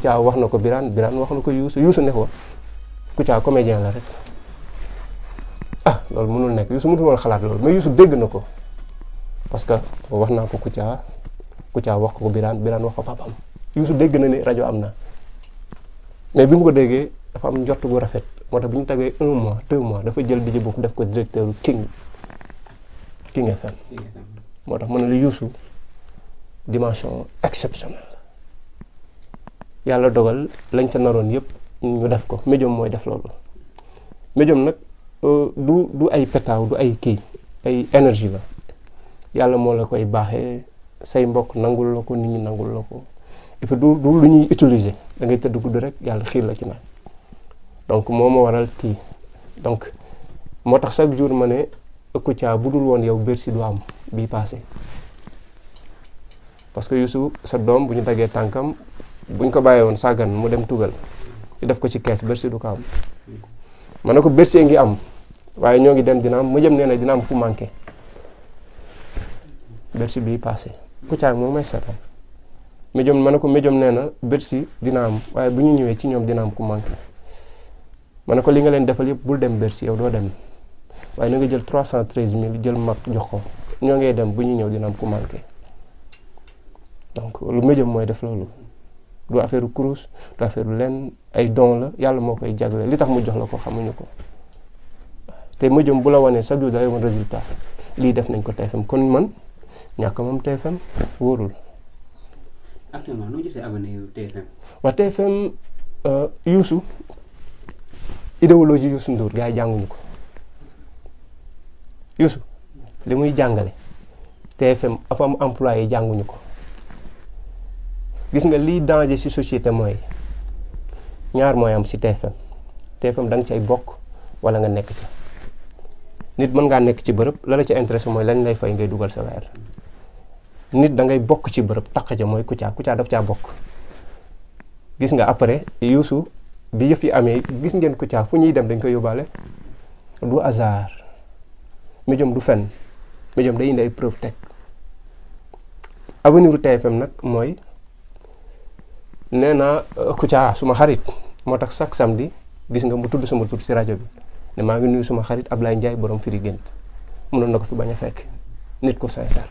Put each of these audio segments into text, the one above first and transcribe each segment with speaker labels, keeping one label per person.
Speaker 1: Kouthia wax na ko Birane Birane wax na ko Youssou Youssou ne ko Kouthia comédien la rek ah loolu mënul nekk Youssou mënul woon xalaat loolu mais Youssou dégg na ko parce que wax naa ko Kouthia Kouthia wax ko Birane Birane wax ko papaam Youssou dégg na ni rajo am na mais bi mu ko déggee dafa am njort gu rafet moo tax bu ñu tagee un mois deux mois dafa jël DJ Boubou def ko directeur King King FM moo tax ma ne la Youssou dimension exceptionnelle yàlla dogal lañ ca naroon yëpp ñu def ko médium mooy def loolu médium nag euh, du du ay petaaw du ay kii ay énergie la yàlla moo la koy baaxee say mbokk nangul la ko nit ñi nangul la ko et puis du du lu ñuy utiliser da ngay tëdd guddi rek yàlla xiir la ci naan donc moo ma waral kii donc moo tax chaque jour ma ne Kouthia bu dul woon yow Bercy du am bii passé parce que Youssou sa doom bu ñu daggee tànkam buñ ko bàyyee woon sàggan mu dem tugal di def ko ci kees Bercy du ko am ma ne ko Bercy ngi am waaye ñoo ngi dem dina am mu jëm nee na dina am ku manqué Bercy bii passé ku caag moom may seetaan méjom ma ne ko méjom nee na Bercy dina am waaye bu ñu ñëwee ci ñoom dina am ku manqué man ne ko li nga leen defal yëpp bul dem Bercy yow doo dem waaye na nga jël trois cent treize mille jël mag jox ko ñoo ngay dem bu ñu ñëw dina am ku manqué donc lu méjom mooy def loolu. du affaire kurus du affaire lenn ay don la yàlla moo koy jagle li tax mu jox la ko xamuñu ko te ma jëm bu la wanee chaque jour da ngay lii def nañ ko TFM kon man ñàkk moom TFM wóorul. actuellement noo gisee abonné yu TFM. waa TFM euh, idéologie Youssou Ndour gars jànguñu ko Youssou li muy jàngale TFM emploi yi jànguñu ko. gis nga lii danger si société mooy ñaar mooy am ci TFM TFM da nga cay bokk wala nga nekk ci nit mën ngaa nekk ci bërëb la la ci intéressé mooy lañ lay fay ngay dugal sa weer nit da ngay bokk ci bërëb taq ja mooy Kouthia Kouthia daf caa bokk gis nga après Youssou bi yëf yi amee gis ngeen Kouthia fu ñuy dem dañ koy yóbbaale du hasard médium du fen médium day indi ay preuve teg avenir u nag mooy nee naa euh, Kouthia suma xarit moo tax chaque samedi gis nga mu tudd sama tur ci rajo bi ne maa ngi nuyu suma xarit Ablaye Ndiaye borom firi gént mënoon na ko fi bañ a fekk nit ko sincère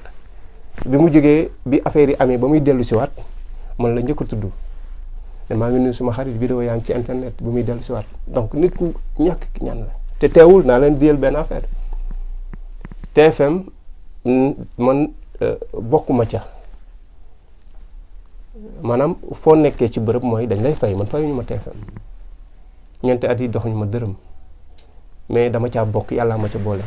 Speaker 1: bi mu jógee bi affaire yi amee ba muy dellu si waat man la njëkk tudd ne maa ngi nuyu suma xarit vidéo yaa ngi ci internet ba muy dellu si waat donc nit ku ñàkk ñan la te teewul naa leen diyal benn affaire TFM man euh, bokkuma ca. maanaam foo nekkee ci bërëb mooy dañ lay fay man fayuñu ma TFM ñeenti at yi doxuñu ma dërëm mais dama caa bokk yàllaa ma ca boole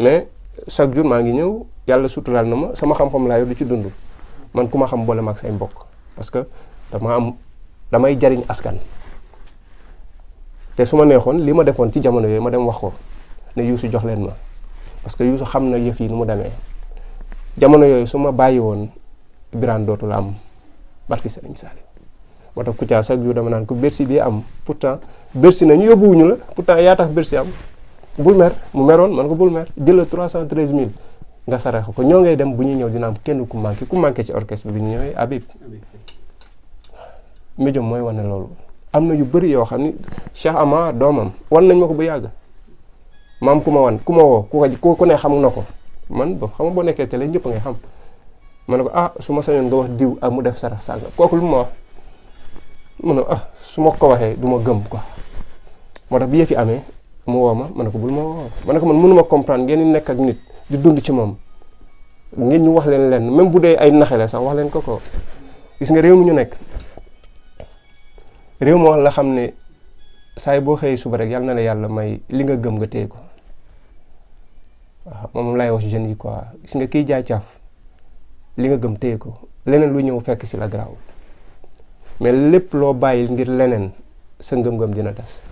Speaker 1: mais chaque jour maa ngi ñëw yàlla suturaal na ma sama xam-xam laa yor du ci dund man ku ma xam boole ma ak say mbokk parce que dama am damay jariñ askan te su ma neexoon li ma defoon ci jamono yooyu ma dem wax ko ne Youssou jox leen ma parce que Youssou xam na yëf yi nu mu demee jamono yooyu su ma bàyyi woon Birane dootul am barki Serigne Saliou moo tax Kouthia chaque jour dama naan ko Bercy bi am pourtant Bercy nañu yóbbuwuñu la pourtant yaa tax Bercy am bul mer mu meroon man ko bul cent jëlal 313000 nga saraxe ko ñoo ngay dem bu ñuy ñëw dina am kenn ku manqué ku manqué ci orchestre bi ñu ñëwee Habib médium mooy wane loolu am na yu bëri yoo xam ni Cheikh Ama doomam wan nañ ma ko bu yàgg maam ku ma wan ku ma woo ku ko ku ne xam na ko man ba xam nga boo nekkee télé ñëpp ngay xam ma na ko ah su ma sañoon nga wax diw ak ah, mu def sarax sànga kooku lu ma wax ma ne ko ah, su ma ko waxee du ma gëm ko moo tax bi yëf yi amee mu woo ma ma ne ko bul ma ma ne ko man mënuma comprendre ngeen di nit di dund ci moom ngeen ñu wax leen lenn même bu dee ay naxale sax wax leen ko ko gis nga réew mi ñu nekk réew moo la xam ne saay boo xëyee suba rek yàlla na la yàlla may li nga gëm nga téye ko waaw moom lay wax jeunes yi quoi gis nga kii jaay caaf li nga gëm téye ko leneen lu ñëw fekk si la garaaw mais lépp loo bàyyil ngir leneen sa ngëm-ngëm dina tas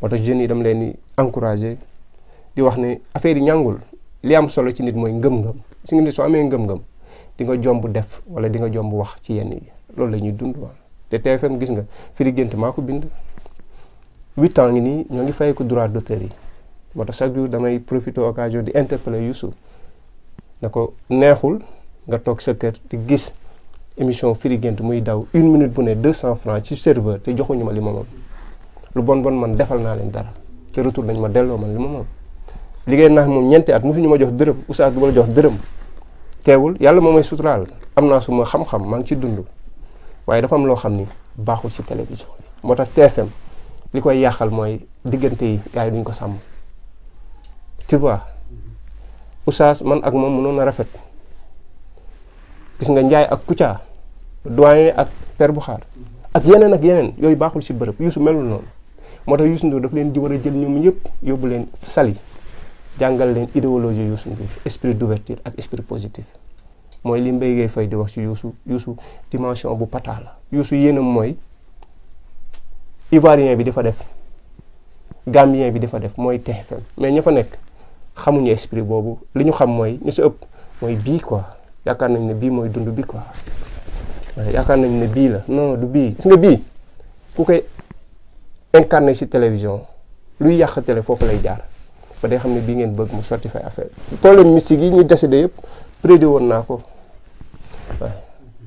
Speaker 1: moo tax jeunes yi dama leen di encouragé di wax ne affaire yi ñàngul li am solo ci nit mooy ngëm-ngëm su soo amee ngëm-ngëm di nga jomb def wala di nga jomb wax ci yenn yi loolu la ñuy dund waa te TFM gis nga firi gént maa ko bind huit ans ngi nii ñoo ngi fay ko droit d'auteur yi moo tax chaque jour damay profité occasion di interpeller Youssou na ko neexul nga toog sa kër te gis émission firi muy daw une minute bu ne deux cent francs ci serveur te joxuñu ma li ma moom lu bon bon man defal naa leen dara te retour nañ ma delloo man li ma moom liggéey naa moom ñeente at mosuñu ma jox dërëm oustaz du ma jox dërëm teewul yàlla moom mooy suturaal am naa suma xam-xam maa ngi ci dund waaye dafa am loo xam ni baaxul ci télévision moo tax TFM li koy yàqal mooy diggante yi gars yi duñ ko sàmm tu vois oustaz man ak moom mënoon na rafet gis nga Njaay ak Kouthia doyen ak Père Boukhar ak yeneen ak yeneen yooyu baaxul si bërëb Youssou melul noonu moo tax Youssou Ndour daf leen di war a jël ñoom ñëpp yóbbu leen sali jàngal leen idéologie Youssou Ndour esprit d'ouverture ak esprit positif mooy li Mbaye Gueye Faye di wax ci Youssou Youssou dimension bu pata yuusu Youssou yéenam mooy Ivoirien bi dafa def Gambien bi dafa def mooy TFM mais ña fa nekk xamuñu esprit boobu li ñu xam mooy ñu si ëpp mooy bii quoi yaakaar nañ ne bii mooy dund bi quoi yaakaar nañ ne bii la non du bii gis nga bii ku koy incarné ci télévision luy yàq télé foofu lay jaar ba day xam ne bii ngeen bëgg mu sotti fay affaire problème mystique yi ñuy dese de yëpp prédit woon naa ko waaw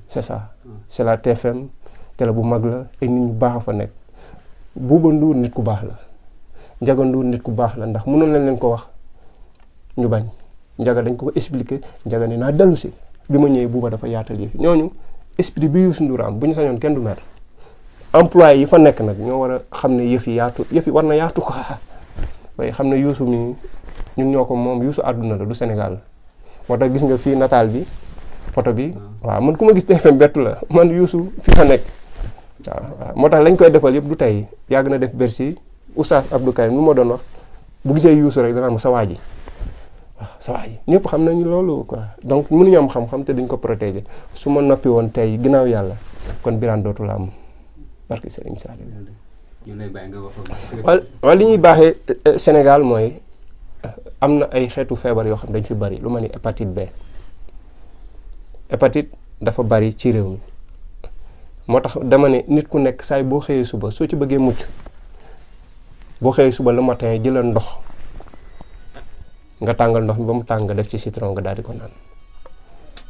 Speaker 1: c'est ça c'est la TFM télé bu mag la ay nit ñu baax a fa nekk Bouba Ndour nit ku baax la Ndiaga Ndour nit ku baax la ndax mënoon leen leen ko wax ñu bañ Ndiaga dañ ko expliquer Ndiaga ne naa dellu bi ma ñëwee buuba dafa yaatal yëf ñooñu esprit bi Youssou Ndour am bu ñu sañoon kenn du mer employé yi fa nekk nag ñoo war a xam ne yëf yi yaatu yëf yi war na yaatu ko waaye xam ne Youssou mi ñun ñoo ko moom Youssou àdduna la du Sénégal moo tax gis nga fii nataal bi photo bi ah. waaw man ku ma gis TFM bettu la man Youssou fi fa nekk waaw waaw moo tax lañ koy defal yëpp du tey yàgg na def Bercy Oustaz Abdou Karim lu ma doon wax bu gisee Youssou rek danaa ma sa waa ji waaw saa yi ñëpp xam nañu loolu quoi donc mënuñu am xam-xam te duñ ko protéger su ma noppi woon tey ginnaaw yàlla kon Birane dootul am barke Serigne Saliou. ñu lay bàyyi nga wax wala li ñuy baaxee euh, euh, Sénégal mooy euh, am na ay xeetu feebar yoo xam dañ fi bari lu ma ni hépatite B hépatite dafa bari ci réew mi moo tax dama ne nit ku nekk saay boo xëyee suba soo ci bëggee mucc boo xëyee suba le matin jëlal ndox. nga tàngal ndox mi ba mu tàng nga def ci citron nga daal ko naan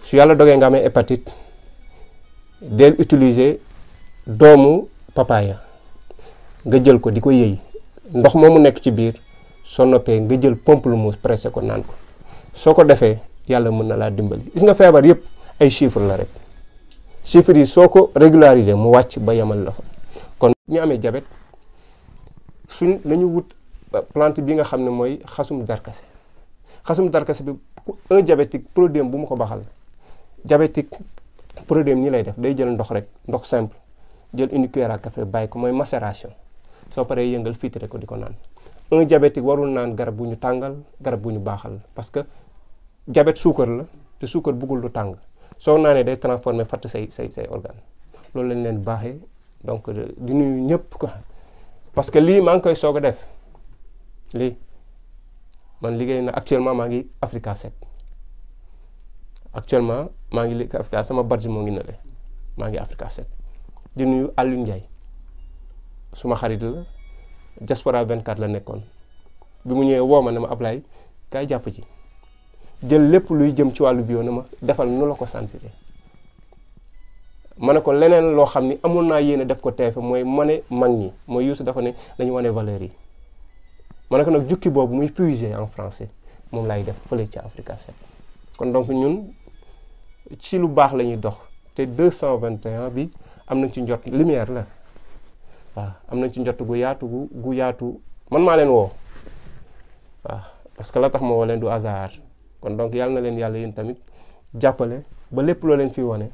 Speaker 1: su yàlla dogee nga amee hépatite del utiliser doomu papaya nga jël ko di ko yëy ndox moo mu nekk ci biir soo noppee nga jël pamplemousse pressé ko naan ko soo ko defee yàlla mën na laa dimbali gis nga feebar yëpp ay chiffres la rek chiffres yi soo ko régulariser mu wàcc ba yemal la fa kon ñu amee jabet suñ lañu wut plante bi nga xam ne mooy xasum darkase xasum darkase bi un diabétique produit bu mu ko baxal diabétique produit am ñi lay def day jël ndox rek ndox simple jël une cuillère bàyyi ko mooy macération soo paree yëngal filtre ko di ko naan un diabétique warul naan garab bu ñu tàngal garab bu ñu baaxal parce que diabète suukar la te suukar buggul lu tàng soo naanee day transformer fatt say say say organe loolu leen leen baaxe donc di nuyu ñëpp quoi parce que lii maa ngi koy soog a def lii. man liggéey na actuellement maa ngi Africa 7 actuellement maa ngi liggéey Africa sama barji moo ngi nële maa ngi Africa set di nuyu Aliou suma xarit la diaspora 24 la nekkoon bi mu ñëwee woo ma ne ma Ablaye kaay jàpp ci jël lépp luy jëm ci wàllu bio na ma defal nu la ko sentiré ma ne ko leneen loo xam ni amoon naa yéene def ko teefe mooy mane mag ñi mooy Youssou dafa ne nañu wane valeur yi ma ne ko nag jukki boobu muy puiser en français moom laay def fële ci Africa 7 kon donc ñun ci lu baax lañuy dox te 221 bi am nañ ci njot lumière la waaw am nañ ci njot gu yaatu gu gu yaatu man maa leen woo waaw parce que la tax ma woo leen du hasard kon donc yàlla na leen yàlla yéen tamit jàppale ba lépp loo leen fi wane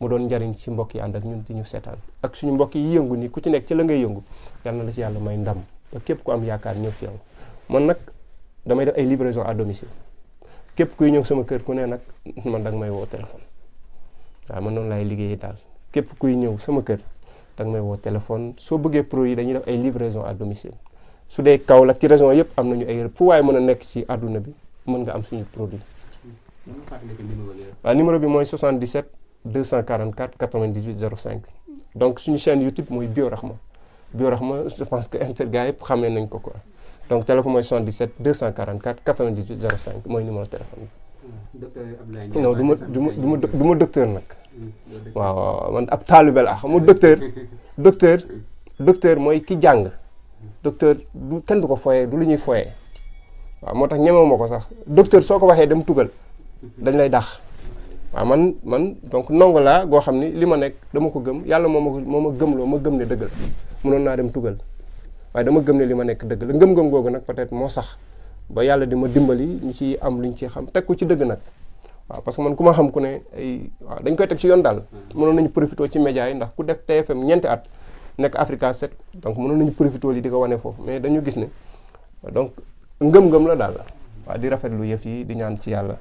Speaker 1: mu doon njariñ ci mbokk yi ànd ak ñun di ñu seetaan ak suñu mbokk yi yëngu ni ku ci nekk ci la ngay yëngu yàlla na la ci yàlla may ndam képp ku am yaakaar ñëw ci yow man nag damay def ay livraison à domicile képp kuy ñëw sama kër ku nee nag man danga may woo téléphone waaw man noonu laay liggéeyee daal képp kuy ñëw sama kër danga may woo téléphone soo bëggee produit dañuy def ay livraison à domicile su dee Kaolack ci région yëpp am nañu ay fu waaye mën a nekk ci àdduna bi mën nga am suñu produit. waaw numéro bi mooy 77 244 98 05 donc suñu chaîne YouTube mooy Biorahma. Biorahma ma pense que inter gars yëpp xamee nañ ko quoi donc téléphone mooy 77 244 98 05 mooy numéro téléphone bi. docteur Abdoulaye Ndiaye non du ma du ma du ma du ma docteur nag. Hmm, waaw waaw man ab taalibe laa xam nga docteur. docteur docteur mooy ki jàng. docteur du kenn du ko fooyee du lu ñuy foyee waaw moo tax ñemewu ma ko sax docteur soo ko waxee dem tugal dañ lay dax waaw man man donc ndongo laa goo xam ni li ma nekk dama ko gëm yàlla moo ma ko moo ma gëmloo ma gëm ne dëgg la mënoon naa dem tugal waaye dama gëm ne li ma nekk dëgg la ngëm-ngëm googu nag peut-être moo sax ba yàlla di dimbali ñu ci am luñ ci xam teg ko ci dëgg nag waaw parce que man ku ma xam ku ne dañ koy teg ci yoon daal mënoon nañu profité ci média yi ndax ku def TFM ñeenti at nekk Africa 7 donc mënoon nañu profité li di ko wane foofu mais dañu gis ne donc la daal waaw di rafetlu yëf yi di ñaan ci yàlla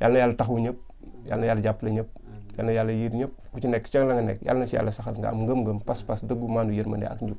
Speaker 1: yàlla na yàlla taxawu ñëpp yal na yàlla jàppale ñëpp yal na yàlla yiir ñëpp ku ci nekk ca la nga nekk yal na si yàlla nga am ngëm-ngëm pas-pas dëggu maanu yërmande ak njub